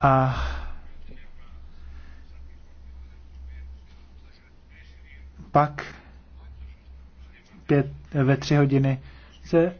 A pak pět, ve tři hodiny se